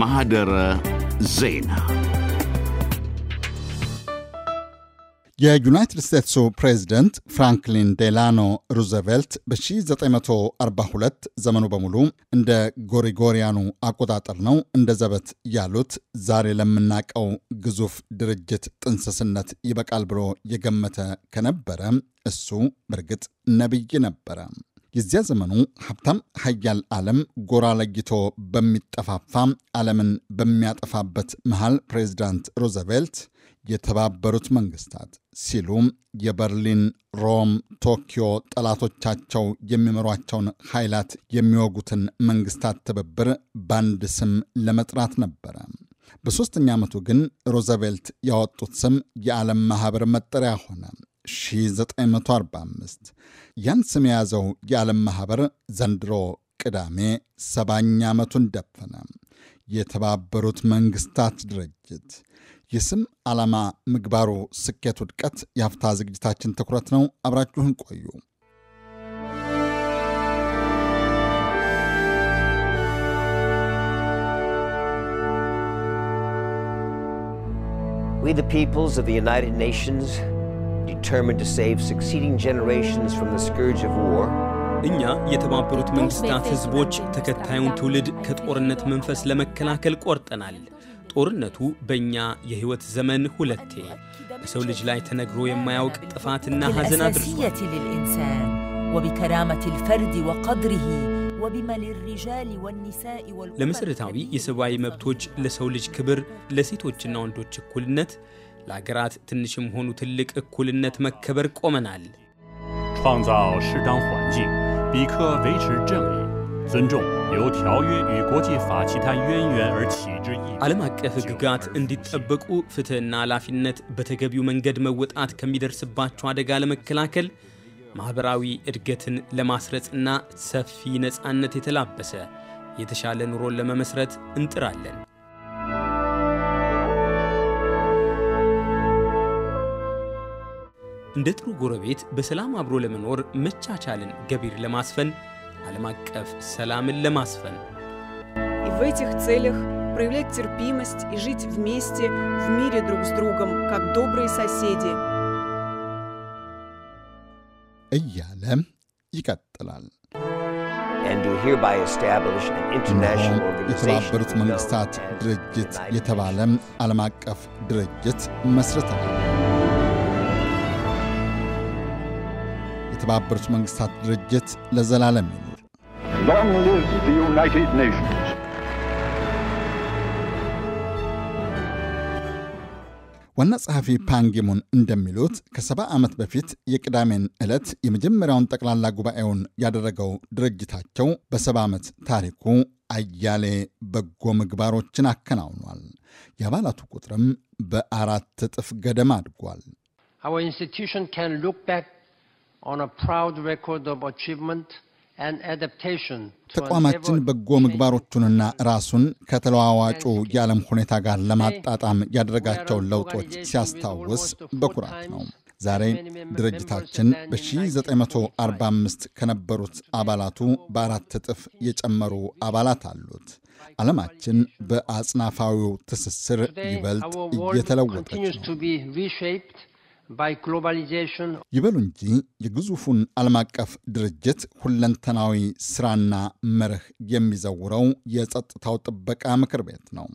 ማህደረ ዜና የዩናይትድ ስቴትሱ ፕሬዚደንት ፍራንክሊን ዴላኖ ሩዘቬልት በ1942 ዘመኑ በሙሉ እንደ ጎሪጎሪያኑ አቆጣጠር ነው እንደ ዘበት ያሉት ዛሬ ለምናቀው ግዙፍ ድርጅት ጥንስስነት ይበቃል ብሎ የገመተ ከነበረ እሱ በርግጥ ነቢይ ነበረ። የዚያ ዘመኑ ሀብታም ሀያል ዓለም ጎራ ለይቶ በሚጠፋፋ ዓለምን በሚያጠፋበት መሃል ፕሬዚዳንት ሮዘቬልት የተባበሩት መንግስታት ሲሉ የበርሊን፣ ሮም፣ ቶኪዮ ጠላቶቻቸው የሚመሯቸውን ኃይላት የሚወጉትን መንግስታት ትብብር በአንድ ስም ለመጥራት ነበረ። በሦስተኛ ዓመቱ ግን ሮዘቬልት ያወጡት ስም የዓለም ማኅበር መጠሪያ ሆነ። 1945 ያን ስም የያዘው የዓለም ማኅበር ዘንድሮ ቅዳሜ ሰባኛ ዓመቱን ደፈነ። የተባበሩት መንግሥታት ድርጅት የስም ዓላማ፣ ምግባሩ፣ ስኬት፣ ውድቀት የአፍታ ዝግጅታችን ትኩረት ነው። አብራችሁን ቆዩ። We the peoples of the United Nations determined to save succeeding generations from the scourge of war. እኛ የተባበሩት መንግስታት ህዝቦች ተከታዩን ትውልድ ከጦርነት መንፈስ ለመከላከል ቆርጠናል። ጦርነቱ በእኛ የህይወት ዘመን ሁለቴ በሰው ልጅ ላይ ተነግሮ የማያውቅ ጥፋትና ሐዘን አድርሷል። وبكرامة الفرد وقدره وبمل الرجال የሰብአዊ መብቶች፣ ለሰው ልጅ ክብር፣ ለሴቶችና ወንዶች እኩልነት ለአገራት ትንሽም ሆኑ ትልቅ እኩልነት መከበር ቆመናል። ዓለም አቀፍ ሕግጋት እንዲጠበቁ ፍትሕና ኃላፊነት በተገቢው መንገድ መወጣት ከሚደርስባቸው አደጋ ለመከላከል ማኅበራዊ እድገትን ለማስረጽና ሰፊ ነፃነት የተላበሰ የተሻለ ኑሮን ለመመስረት እንጥራለን። እንደ ጥሩ ጎረቤት በሰላም አብሮ ለመኖር መቻቻልን ገቢር ለማስፈን ዓለም አቀፍ ሰላምን ለማስፈን и в этих целях проявлять терпимость и жить вместе в мире друг с другом, как добрые соседи. እያለ ይቀጥላል። የተባበሩት መንግስታት ድርጅት የተባለ ዓለም አቀፍ ድርጅት መስርተናል። የተባበሩት መንግሥታት ድርጅት ለዘላለም ይኑር። ዋና ጸሐፊ ፓንጊሙን እንደሚሉት ከሰባ ዓመት በፊት የቅዳሜን ዕለት የመጀመሪያውን ጠቅላላ ጉባኤውን ያደረገው ድርጅታቸው በሰባ ዓመት ታሪኩ አያሌ በጎ ምግባሮችን አከናውኗል። የአባላቱ ቁጥርም በአራት እጥፍ ገደማ አድጓል። ተቋማችን በጎ ምግባሮቹንና ራሱን ከተለዋዋጩ የዓለም ሁኔታ ጋር ለማጣጣም ያደረጋቸውን ለውጦች ሲያስታውስ በኩራት ነው። ዛሬ ድርጅታችን በ1945 ከነበሩት አባላቱ በአራት እጥፍ የጨመሩ አባላት አሉት። ዓለማችን በአጽናፋዊው ትስስር ይበልጥ እየተለወጠች ነው። ይበሉ እንጂ የግዙፉን ዓለም አቀፍ ድርጅት ሁለንተናዊ ስራና መርህ የሚዘውረው የጸጥታው ጥበቃ ምክር ቤት ነው።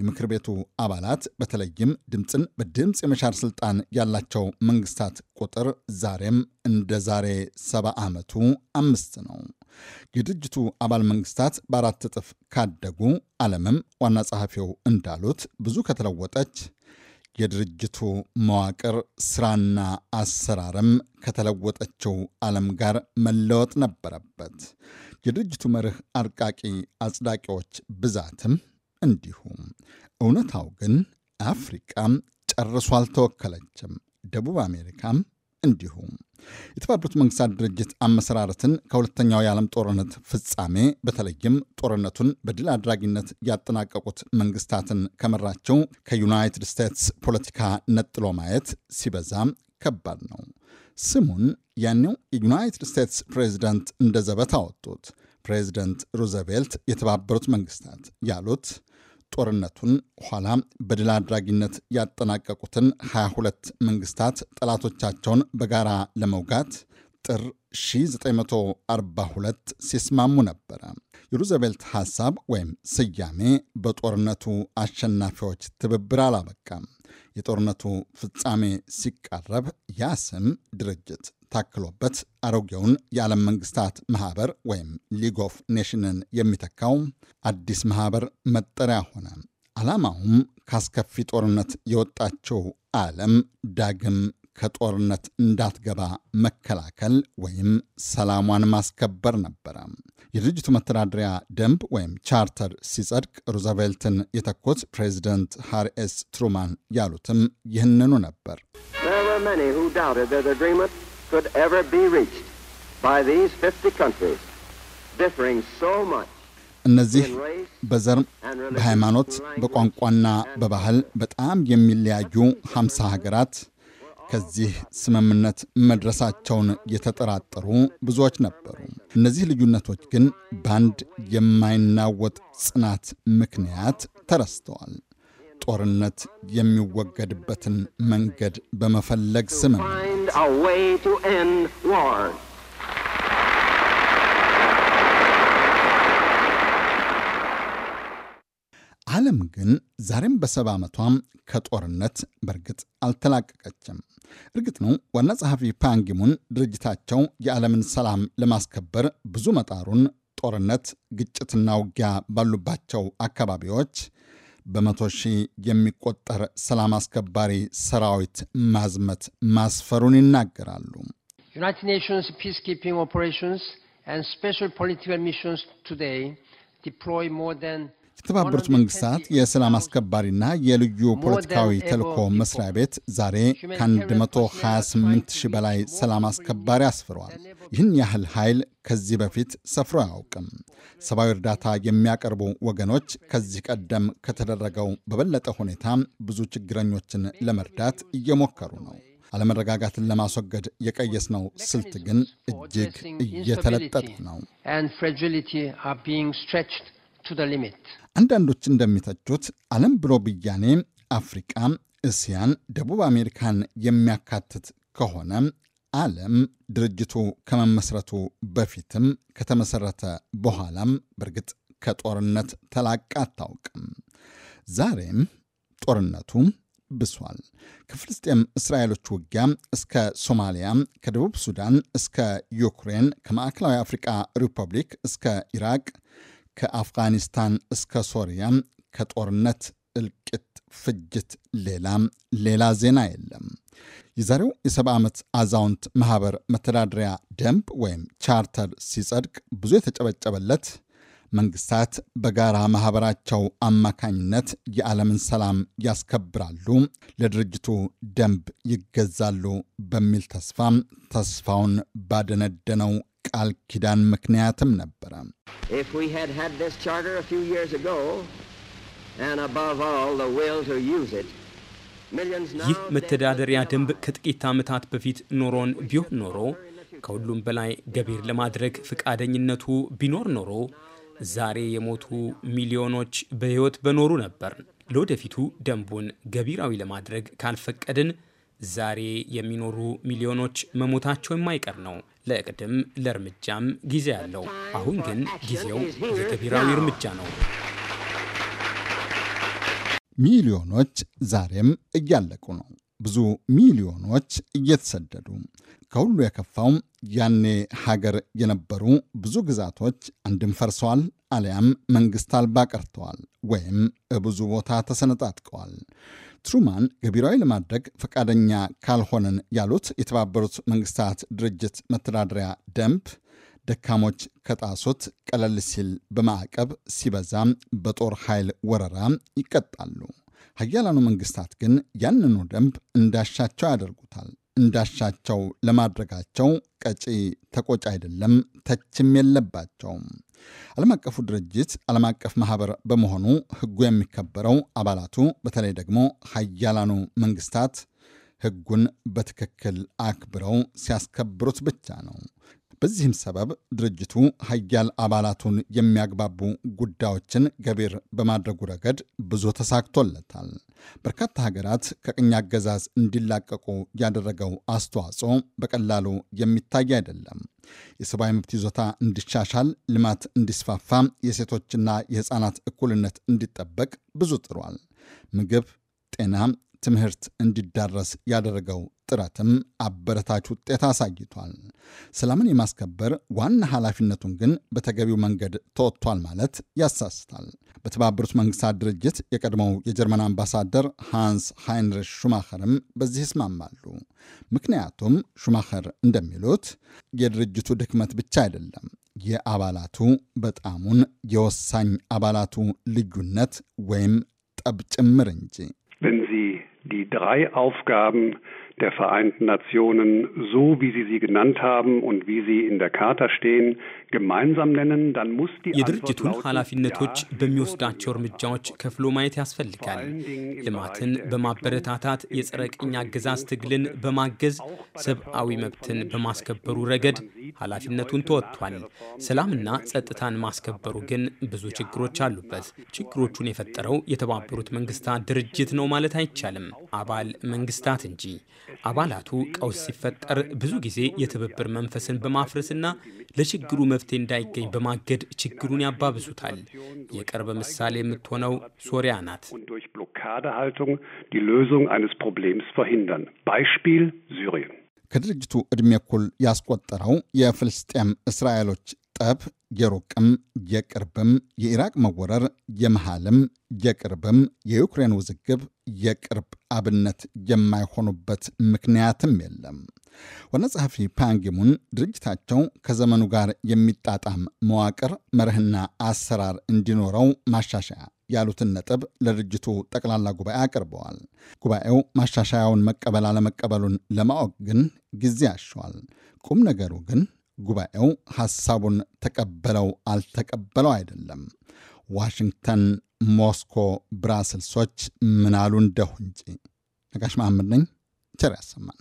የምክር ቤቱ አባላት በተለይም ድምፅን በድምፅ የመሻር ስልጣን ያላቸው መንግስታት ቁጥር ዛሬም እንደ ዛሬ ሰባ ዓመቱ አምስት ነው። የድርጅቱ አባል መንግስታት በአራት እጥፍ ካደጉ ዓለምም ዋና ጸሐፊው እንዳሉት ብዙ ከተለወጠች የድርጅቱ መዋቅር ስራና አሰራርም ከተለወጠችው ዓለም ጋር መለወጥ ነበረበት። የድርጅቱ መርህ አርቃቂ አጽዳቂዎች ብዛትም እንዲሁም እውነታው ግን አፍሪቃም ጨርሶ አልተወከለችም። ደቡብ አሜሪካም እንዲሁም የተባበሩት መንግስታት ድርጅት አመሰራረትን ከሁለተኛው የዓለም ጦርነት ፍጻሜ በተለይም ጦርነቱን በድል አድራጊነት ያጠናቀቁት መንግስታትን ከመራቸው ከዩናይትድ ስቴትስ ፖለቲካ ነጥሎ ማየት ሲበዛም ከባድ ነው። ስሙን ያኔው የዩናይትድ ስቴትስ ፕሬዚደንት እንደ ዘበት አወጡት። ፕሬዚደንት ሩዘቬልት የተባበሩት መንግስታት ያሉት ጦርነቱን ኋላ በድል አድራጊነት ያጠናቀቁትን 22 መንግስታት ጠላቶቻቸውን በጋራ ለመውጋት ጥር 1942 ሲስማሙ ነበረ። የሩዘቬልት ሐሳብ ወይም ስያሜ በጦርነቱ አሸናፊዎች ትብብር አላበቃም። የጦርነቱ ፍጻሜ ሲቃረብ ያ ስም ድርጅት ታክሎበት አሮጌውን የዓለም መንግስታት ማኅበር ወይም ሊግ ኦፍ ኔሽንን የሚተካው አዲስ ማኅበር መጠሪያ ሆነ። ዓላማውም ካስከፊ ጦርነት የወጣችው ዓለም ዳግም ከጦርነት እንዳትገባ መከላከል ወይም ሰላሟን ማስከበር ነበረ። የድርጅቱ መተዳደሪያ ደንብ ወይም ቻርተር ሲጸድቅ ሩዘቬልትን የተኩት ፕሬዚደንት ሃሪ ኤስ ትሩማን ያሉትም ይህንኑ ነበር። እነዚህ በዘር በሃይማኖት፣ በቋንቋና በባህል በጣም የሚለያዩ 50 ሀገራት ከዚህ ስምምነት መድረሳቸውን የተጠራጠሩ ብዙዎች ነበሩ። እነዚህ ልዩነቶች ግን በአንድ የማይናወጥ ጽናት ምክንያት ተረስተዋል። ጦርነት የሚወገድበትን መንገድ በመፈለግ ስምምነት ዓለም ግን ዛሬም በሰባ ዓመቷም ከጦርነት በእርግጥ አልተላቀቀችም። እርግጥ ነው ዋና ጸሐፊ ፓንጊሙን ድርጅታቸው የዓለምን ሰላም ለማስከበር ብዙ መጣሩን ጦርነት፣ ግጭትና ውጊያ ባሉባቸው አካባቢዎች በመቶ ሺህ የሚቆጠር ሰላም አስከባሪ ሰራዊት ማዝመት ማስፈሩን ይናገራሉ። ዩናይትድ ኔሽንስ ፒስ ኪፒንግ ኦፐሬሽንስ ኤንድ ስፔሻል ፖለቲካል ሚሽንስ ቱዴይ ዲፕሎይ ሞር የተባበሩት መንግስታት የሰላም አስከባሪና የልዩ ፖለቲካዊ ተልእኮ መስሪያ ቤት ዛሬ ከ128 ሺህ በላይ ሰላም አስከባሪ አስፍሯል። ይህን ያህል ኃይል ከዚህ በፊት ሰፍሮ አያውቅም። ሰብአዊ እርዳታ የሚያቀርቡ ወገኖች ከዚህ ቀደም ከተደረገው በበለጠ ሁኔታ ብዙ ችግረኞችን ለመርዳት እየሞከሩ ነው። አለመረጋጋትን ለማስወገድ የቀየስነው ስልት ግን እጅግ እየተለጠጠ ነው። አንዳንዶች እንደሚተቹት ዓለም ብሎ ብያኔ አፍሪቃ፣ እስያን፣ ደቡብ አሜሪካን የሚያካትት ከሆነ ዓለም ድርጅቱ ከመመስረቱ በፊትም ከተመሰረተ በኋላም በእርግጥ ከጦርነት ተላቃ አታውቅም። ዛሬም ጦርነቱ ብሷል። ከፍልስጤም እስራኤሎች ውጊያ እስከ ሶማሊያ፣ ከደቡብ ሱዳን እስከ ዩክሬን፣ ከማዕከላዊ አፍሪቃ ሪፐብሊክ እስከ ኢራቅ ከአፍጋኒስታን እስከ ሶሪያ ከጦርነት እልቅት ፍጅት ሌላ ሌላ ዜና የለም። የዛሬው የሰባ ዓመት አዛውንት ማኅበር መተዳደሪያ ደንብ ወይም ቻርተር ሲጸድቅ ብዙ የተጨበጨበለት መንግስታት በጋራ ማህበራቸው አማካኝነት የዓለምን ሰላም ያስከብራሉ፣ ለድርጅቱ ደንብ ይገዛሉ በሚል ተስፋ ተስፋውን ባደነደነው ቃል ኪዳን ምክንያትም ነበረ። ይህ መተዳደሪያ ደንብ ከጥቂት ዓመታት በፊት ኖሮን ቢሆን ኖሮ ከሁሉም በላይ ገቢር ለማድረግ ፈቃደኝነቱ ቢኖር ኖሮ ዛሬ የሞቱ ሚሊዮኖች በሕይወት በኖሩ ነበር። ለወደፊቱ ደንቡን ገቢራዊ ለማድረግ ካልፈቀድን ዛሬ የሚኖሩ ሚሊዮኖች መሞታቸው የማይቀር ነው። ለእቅድም ለእርምጃም ጊዜ አለው። አሁን ግን ጊዜው የገቢራዊ እርምጃ ነው። ሚሊዮኖች ዛሬም እያለቁ ነው። ብዙ ሚሊዮኖች እየተሰደዱ ከሁሉ የከፋውም ያኔ ሀገር የነበሩ ብዙ ግዛቶች አንድም ፈርሰዋል አሊያም መንግስት አልባ ቀርተዋል ወይም ብዙ ቦታ ተሰነጣጥቀዋል። ትሩማን ገቢራዊ ለማድረግ ፈቃደኛ ካልሆነን ያሉት የተባበሩት መንግስታት ድርጅት መተዳደሪያ ደንብ ደካሞች ከጣሱት ቀለል ሲል በማዕቀብ ሲበዛም በጦር ኃይል ወረራ ይቀጣሉ። ሀያላኑ መንግስታት ግን ያንኑ ደንብ እንዳሻቸው ያደርጉታል። እንዳሻቸው ለማድረጋቸው ቀጪ ተቆጭ አይደለም፣ ተችም የለባቸውም። ዓለም አቀፉ ድርጅት ዓለም አቀፍ ማህበር በመሆኑ ህጉ የሚከበረው አባላቱ በተለይ ደግሞ ሀያላኑ መንግስታት ህጉን በትክክል አክብረው ሲያስከብሩት ብቻ ነው። በዚህም ሰበብ ድርጅቱ ሀያል አባላቱን የሚያግባቡ ጉዳዮችን ገቢር በማድረጉ ረገድ ብዙ ተሳክቶለታል። በርካታ ሀገራት ከቅኝ አገዛዝ እንዲላቀቁ ያደረገው አስተዋጽኦ በቀላሉ የሚታይ አይደለም። የሰብአዊ መብት ይዞታ እንዲሻሻል፣ ልማት እንዲስፋፋ፣ የሴቶችና የህፃናት እኩልነት እንዲጠበቅ ብዙ ጥሯል። ምግብ ጤና፣ ትምህርት እንዲዳረስ ያደረገው ጥረትም አበረታች ውጤት አሳይቷል። ሰላምን የማስከበር ዋና ኃላፊነቱን ግን በተገቢው መንገድ ተወጥቷል ማለት ያሳስታል። በተባበሩት መንግስታት ድርጅት የቀድሞው የጀርመን አምባሳደር ሃንስ ሃይንሪሽ ሹማኸርም በዚህ ይስማማሉ። ምክንያቱም ሹማኸር እንደሚሉት የድርጅቱ ድክመት ብቻ አይደለም የአባላቱ በጣሙን የወሳኝ አባላቱ ልዩነት ወይም ጠብ ጭምር እንጂ die drei Aufgaben der Vereinten Nationen, so wie Sie sie genannt haben und wie sie in der Charta stehen, gemeinsam nennen, dann muss die የድርጅቱን ኃላፊነቶች በሚወስዳቸው እርምጃዎች ከፍሎ ማየት ያስፈልጋል። ልማትን በማበረታታት የጸረ ቅኝ አገዛዝ ትግልን በማገዝ ሰብአዊ መብትን በማስከበሩ ረገድ ኃላፊነቱን ተወጥቷል። ሰላምና ጸጥታን ማስከበሩ ግን ብዙ ችግሮች አሉበት። ችግሮቹን የፈጠረው የተባበሩት መንግስታት ድርጅት ነው ማለት አይቻልም፣ አባል መንግስታት እንጂ። አባላቱ ቀውስ ሲፈጠር ብዙ ጊዜ የትብብር መንፈስን በማፍረስና ለችግሩ መፍትሄ እንዳይገኝ በማገድ ችግሩን ያባብሱታል። የቅርብ ምሳሌ የምትሆነው ሶሪያ ናት። ከድርጅቱ ዕድሜ እኩል ያስቆጠረው የፍልስጤም እስራኤሎች ጠብ የሩቅም የቅርብም የኢራቅ መወረር የመሃልም የቅርብም የዩክሬን ውዝግብ የቅርብ አብነት የማይሆኑበት ምክንያትም የለም። ዋና ጸሐፊ ፓንጊሙን ድርጅታቸው ከዘመኑ ጋር የሚጣጣም መዋቅር መርህና አሰራር እንዲኖረው ማሻሻያ ያሉትን ነጥብ ለድርጅቱ ጠቅላላ ጉባኤ አቅርበዋል። ጉባኤው ማሻሻያውን መቀበል አለመቀበሉን ለማወቅ ግን ጊዜ አሸዋል። ቁም ነገሩ ግን ጉባኤው ሐሳቡን ተቀበለው አልተቀበለው አይደለም። ዋሽንግተን፣ ሞስኮ፣ ብራስልሶች ምናሉ እንደሁ እንጂ። ነጋሽ መሐመድ ነኝ። ቸር ያሰማን።